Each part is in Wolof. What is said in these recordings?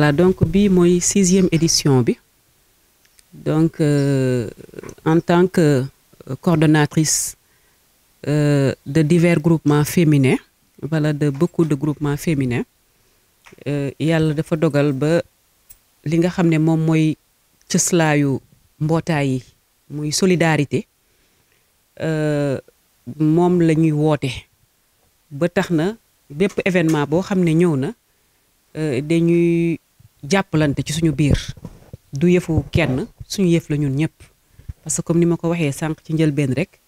voilà donc bii 6 sixième édition bi donc euh, en tant que euh, coordonnatrice euh, de divers groupements féminins voilà de beaucoup de groupements féminins il dafa dogal ba li nga xam ne moom mooy cëslaayu mbotay yi solidarité euh mom lañuy woté ba taxna na événement bo xamné ñëw dañuy jàppalante ci suñu biir du yëfu kenn suñu yëf la ñun ñëpp parce que comme ni ma ko waxee sànq ci njëlbeen rek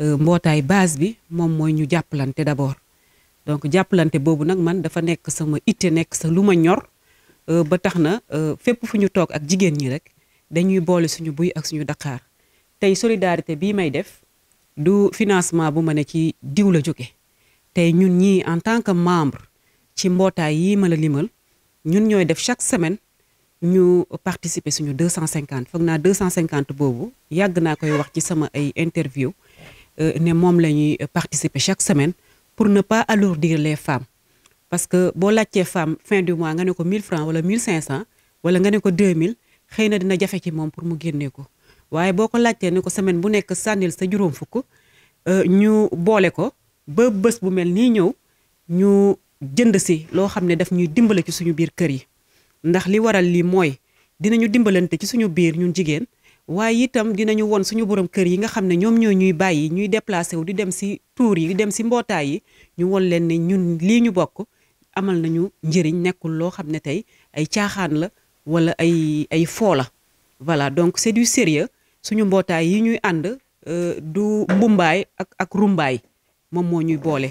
euh, mbootaay base bi moom mooy ñu jàppalante d'abord donc jàppalante boobu nag man dafa nekk sama itte nekk sa lu ma ñor euh, ba tax na euh, fépp fu ñu toog ak jigéen ñi rek dañuy boole suñu buy ak suñu daqaar tey solidarité bii may def du financement bu ma ne ci diw la jóge tey ñun ñii en tant que membre ci mbootaay yii ma la limal ñun ñooy def chaque semaine ñu participer suñu 250 foog naa 250 boobu yàgg naa koy wax ci sama ay interview euh, ne moom la ñuy participer chaque semaine pour ne pas alourdir les femmes parce que boo laajtee femme fin du mois nga ne ko 1000 francs wala 1500 wala nga ne ko 2000 xëy na dina jafe ci moom pour mu génnee ko waaye boo ko laajtee ne ko semaine bu nekk sànnil sa juróom fukk euh, ñu boole ko ba bés bu mel nii ñëw ñu jënd si loo xam ne daf ñuy dimbale ci suñu biir kër yi ndax li waral lii mooy dinañu dimbalante ci suñu biir ñun jigéen waaye itam dinañu won suñu borom kër yi nga xam ne ñoom ñoo ñuy bàyyi ñuy déplacé wu di dem si tuur yi di dem si mbootaay yi ñu won leen ne ñun lii ñu bokk amal nañu njëriñ nekkul loo xam ne tey ay caaxaan la wala ay ay foo voilà donc c'est du sérieux suñu mbootaay yi ñuy ànd euh, du mbumbaay ak ak rumbaay moom moo ñuy boole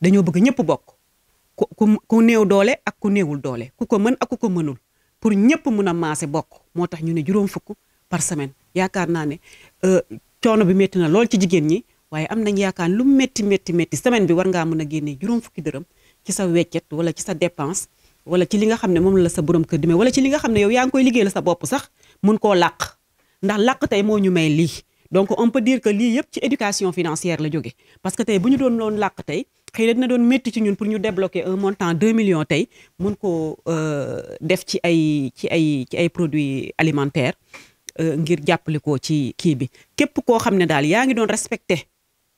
dañoo bëgg ñëpp bokk ku ku néew doole ak ku néewul doole ku ko mën ak ku ko mënul pour ñëpp mun a maase bokk moo tax ñu ne juróom fukk par semaine yaakaar naa ne euh, coono bi métti na lool ci jigéen ñi waaye am nañ yaakaar lu métti métti métti semaine bi war ngaa mën a génnee juróom fukki dërëm ci sa weccet wala ci sa dépense wala ci li nga xam ne moom la sa borom kër di wala ci li nga xam ne yow yaa ngi koy liggéey la sa bopp sax mun koo làq ndax làq tey moo ñu may lii donc on peut dire que lii yëpp ci éducation financière la jóge parce que tey bu ñu doon loon làq tey xëy na dina doon métti ci ñun pour ñu débloquer un montant 2 millions tey mun ko euh, def ci ay ci ay ci ay produits alimentaires euh, ngir jàppale ko ci kii bi képp koo xam ne daal yaa ngi doon respecté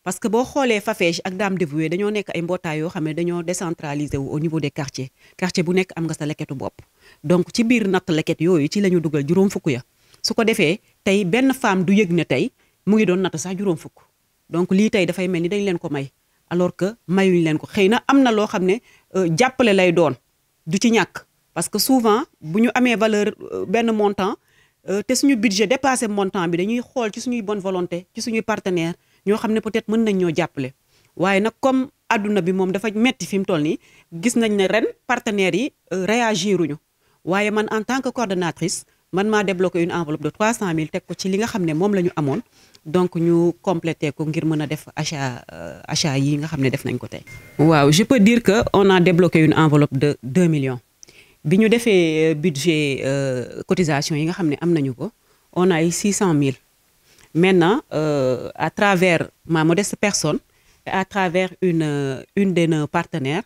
parce que boo xoolee Fafej ak Dame Dévoué dañoo nekk ay mbootaay yoo xam ne dañoo décentralisé wu au niveau des quartiers quartier bu nekk am nga sa leketu bopp donc ci biir natt leket yooyu ci la ñu dugal juróom fukk ya su ko defee tey benn femme du yëg ne tey mu ngi doon natt sax juróom fukk donc lii tey dafay mel ni dañ leen ko may alors que mayuñ len ko xeyna amna lo na loo euh, lay doon du ci ñak parce que souvent buñu amé valeur ben montant euh, té suñu budget dépassé montant bi dañuy xol ci suñu bonne volonté ci suñu partenaire ñoo xam peut-être mën nañ ñoo jàppale waye nak comme aduna bi mom dafa metti fim mu toll nii gis nañ ne ren partenaire yi réagiruñu waye man en tant que coordinatrice man m'a débloqué une enveloppe de 300000 tek ko ci li nga xam mom lañu amone donc ñu complété ko ngir mëna def achat euh, achat yi nga xamné def nañ ko je peux dire que on a débloqué une enveloppe de 2 millions bi ñu defee euh, budget euh, cotisation yi nga xamné ko on a eu 600 000 maintenant euh, à travers ma modeste personne à travers une euh, une de nos partenaires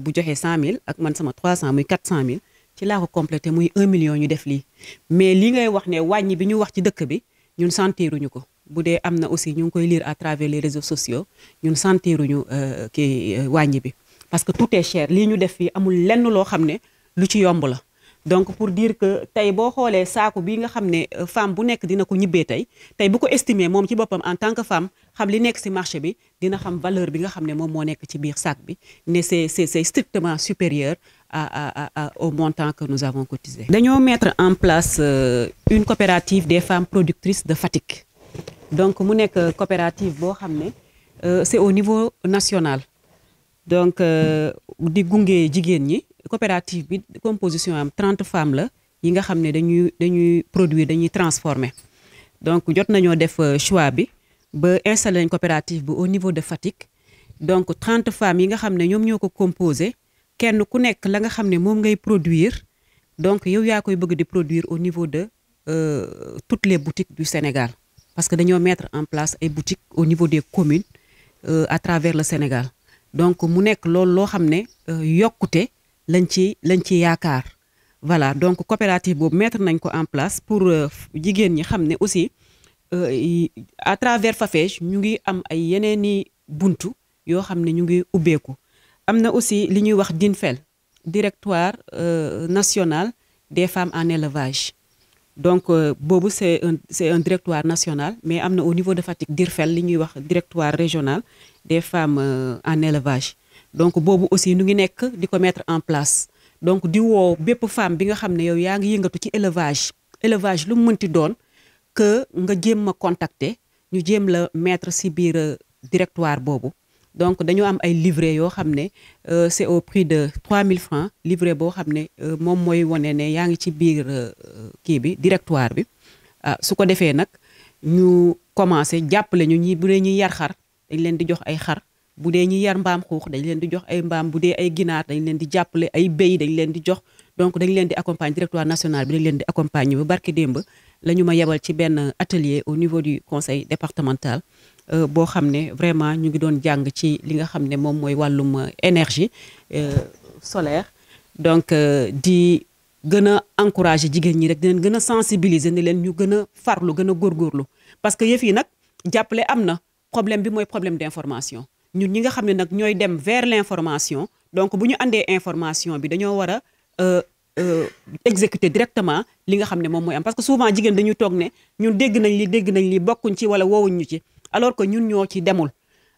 bu joxé 100 000 ak man sama 300 muy 400 000 ci avons ko complété muy 1 million ñu def li mais li ngay wax né wàññi bi ñu wax ci dëkk bi ñun sentiruñu ko. Budé amna aussi ñu koy lire à travers les réseaux sociaux ñun sentiruñu euh, euh wàññi bi parce que tout est cher li ñu def fi amul lenn lo xamné lu ci yomb la donc pour dire que tay bo xolé saaku bi nga xamné euh, femme bu nek dina ko ñibé tay tay bu ko estimer mom ci bopam en tant que femme xam li nek ci marché bi dina xam valeur bi nga xamné mom mo nek ci biir sac bi né c'est c'est strictement supérieur à, à, à, au montant que nous avons cotisé. dañu mettre en place euh, une coopérative des femmes productrices de fatigue donc mu nekk coopérative boo euh, c'est au niveau national donc euh, di gunge jigéen la coopérative bi composition am 30 femmes qui yi nga xam nous dañuy dañuy produire dañuy transformer donc jot def euh, choix bi ba installer une coopérative au niveau de fatigue. donc 30 femmes yi nga xam ne ñoom ñoo ko composé kenn ku la nga produire donc yow yaa koy bëgg produire au niveau de toutes les boutiques du Sénégal parce que avons mettre en place des boutiques au niveau des communes euh, à travers le Sénégal donc nous avons mis en place des yokkute lañ ci voilà donc coopérative mettre en place pour que euh, ñi xam ne aussi euh, à travers Fafej nous ngi am ay yeneen buntu yo xam ñu ngi ubbeeku aussi li ñuy wax DINFEL directoire national des femmes en élevage donc euh, Bobo, c'est un directoire national mais au niveau de Fatick DIRFEL li ñuy wax directoire régional des femmes euh, en élevage donc Bobo aussi nous ngi nekk diko mettre en place donc di wo bép femmes, bi nga xamné yow ya nga yëngatu ci élevage élevage lu mu mënti doon que nga jëm ma contacter ñu mis la mettre ci euh, directoire Bobo donc dañoo am ay livret yoo xam ne euh, c' est au prix de 3000 francs livret boo xam ne euh, moom mooy wane ne yaa ngi ci biir euh, kii bi directoire bi ah su ko defee nag ñu commencé jàppale ñu ñi bu dee ñuy yar xar dañ leen di jox ay xar bu dee ñuy yar mbaam xuux dañ leen di jox ay mbaam bu dee ay ginaar dañ leen di jàppale ay béy dañ leen di jox donc dañ leen di accompagner directoire national bi dañ leen di accompagner bu barke démb la ñu ma yebal ci benn atelier au niveau du conseil départemental euh, bo xamné vraiment ñu ngi doon jang ci li nga xamné mom moy walum euh, énergie euh, solaire donc di gëna encourager jigéen ñi rek di gën sensibiliser ne leen ñu gëna farlu gëna a parce que yef yi nak jàppale amna problème bi moy problème d'information ñun ñi nga xamné nak ñoy dem vers l'information donc bu ñu andee information bi dañoo euh euh, exécuter directement li nga xam mom moy am parce que souvent jigéen dañuy tok ne ñun dégg nañ li dégg nañ li bokkuñ ci wala woowuñ ñu ci alors que ñun ñoo ci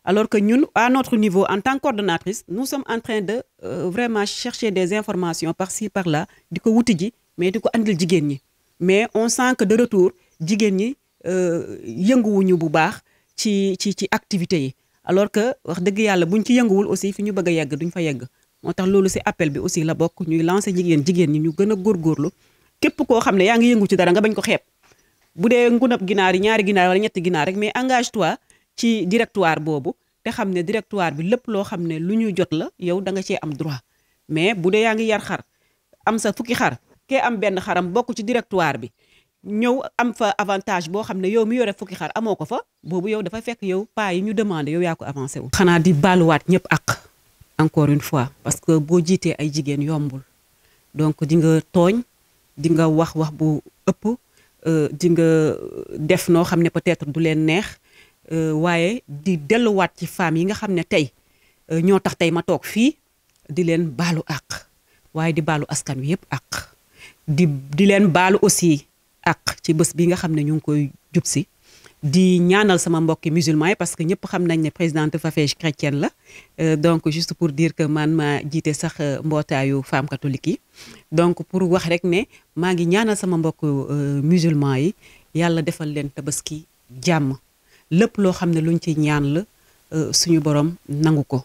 alors que ñun à notre niveau en tant qu'ordonnatrice nous sommes en train de euh, vraiment chercher des informations par ci par là di ko wuti ji mais di ko andil jigéen ñi mais on sent que de retour jigéen ñi euh, yënguwuñu bu baax ci ci ci activités yi alors que wax dëgg yàlla buñ ci yënguwul aussi fi bëgg a yegg duñ fa yegg moo ci appel bi aussi la bokk ñuy lancer jigéen jigéen nous ñu gourgourlo a góorgóorlu képp koo xam ne yaa ngi yëngu ci dara nga bañ ko budé nguna ngunab ginaar ñaari ginaar wala ñetti ginaar rek mais engage toi ci directoire bobu té xamné directoire bi lepp lo xamné luñu jot la yow da nga ci am droit mais budé dee yar xar am sa fukki xar ké am ben xaram bokku ci directoire bi ñew am fa avantage bo hamne yow mi yoré fukki xar amoko fa bobu yow dafa fekk yow pa yi ñu demander yow ya ko avancer wu. xana di wat ñep ak encore une fois parce que bo jité ay jigen yombul donc di nga togn di nga wax wax bu ëpp. Euh, di nga euh, def noo xam ne peut-être du leen neex euh, waaye di delluwaat ci femmes yi nga xam ne tey ñoo tax tey ma toog fii di leen baalu àq waaye di baalu askan wi yëpp àq di di leen baalu aussi àq ci bés bi nga xam ne ñu ngi koy jub si di ñaanal sama mbokki musulman yi parce que ñëpp xam nañ ne présidente Fafej chrétienne la euh, donc juste pour diir que man maa jiite sax euh, mbootaayu femme catholique yi donc pour wax rek ne maa ngi ñaanal sama mbokk euh, musulman yi yàlla defal leen tabaski jàmm lépp loo xam ne luñ ci ñaan la suñu borom nangu ko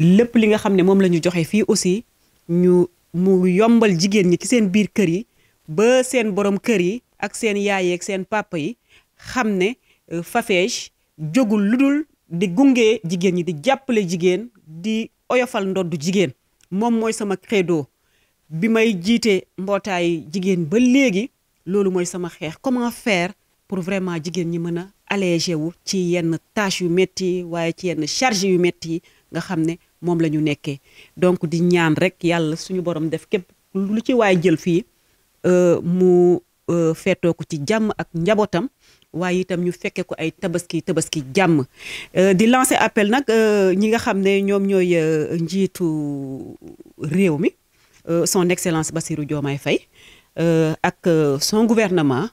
lépp li nga xam ne moom la ñu joxe fii aussi ñu mu yombal jigéen ñi ci seen biir kër yi ba seen borom kër yi ak seen yaay yeeg seen papa yi xam ne Euh, Fafech jógul lu dul di gunge jigéen ñi di jàppale jigéen di oyofal ndoddu jigéen moom mooy sama credo bi may jiite mbootaay jigéen ba léegi loolu mooy sama xeex comment faire pour vraiment jigéen ñi mën a allégé wu ci yenn tâches yu métti waaye ci yenn charge yu métti yi nga xam ne moom la ñu nekkee donc di ñaan rek yàlla suñu borom def képp lu ci waaye jël fii euh, mu euh, feetoo ko ci jàmm ak njabootam waaye itam ñu fekkee ko ay tabaski tabaski jàmm euh, di lancer appel nag euh, ñi nga xam ne ñoom ñooy euh, njiitu réew mi son excellence Bassirou Diomaye Faye ak son gouvernement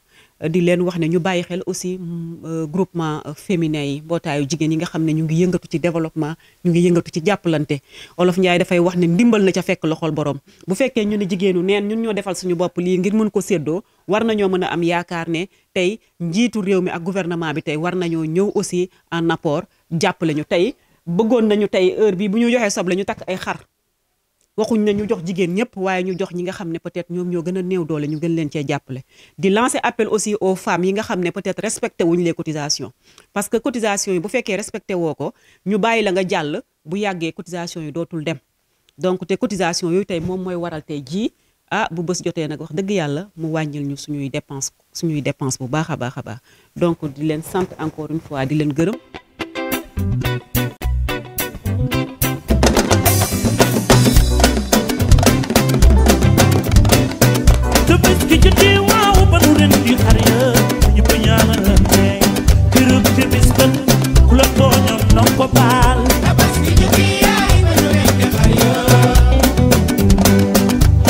di leen wax ne ñu bàyyi xel aussi mm, euh, groupement euh, féminin yi mbootaayu jigéen yi nga xam ne ñu ngi yëngatu ci développement ñu ngi yëngatu ci jàppalante olof Njaay dafay wax ne ndimbal na ca fekk loxol borom bu fekkee ñu ne jigéenu neen ñun ñoo defal suñu bopp lii ngir mën ko séddoo war nañoo mën a am yaakaar ne tey njiitu réew mi ak gouvernement bi tey war nañoo ñëw aussi en apport jàppale ñu tey bëggoon nañu tey heure bi bu ñu joxee soble ñu takk ay xar waxuñ ne ñu jox jigéen ñëpp waaye ñu jox ñi nga xam ne peut-être ñoom ñoo gën a néew doole ñu gën leen cee jàppale di lancer appel aussi aux femmes yi nga xam ne peut-être respecté wuñ les cotisations parce que cotisation yi bu fekkee respecté woo ko ñu bàyyi la nga jàll bu yàggee cotisation yi dootul dem donc te cotisation yooyu tey moom mooy waral tey jii ah bu bës jotee nag wax dëgg yàlla mu wàññil ñu suñuy dépense suñuy dépense bu baax a baax a baax donc di leen sant encore une fois di leen gërëm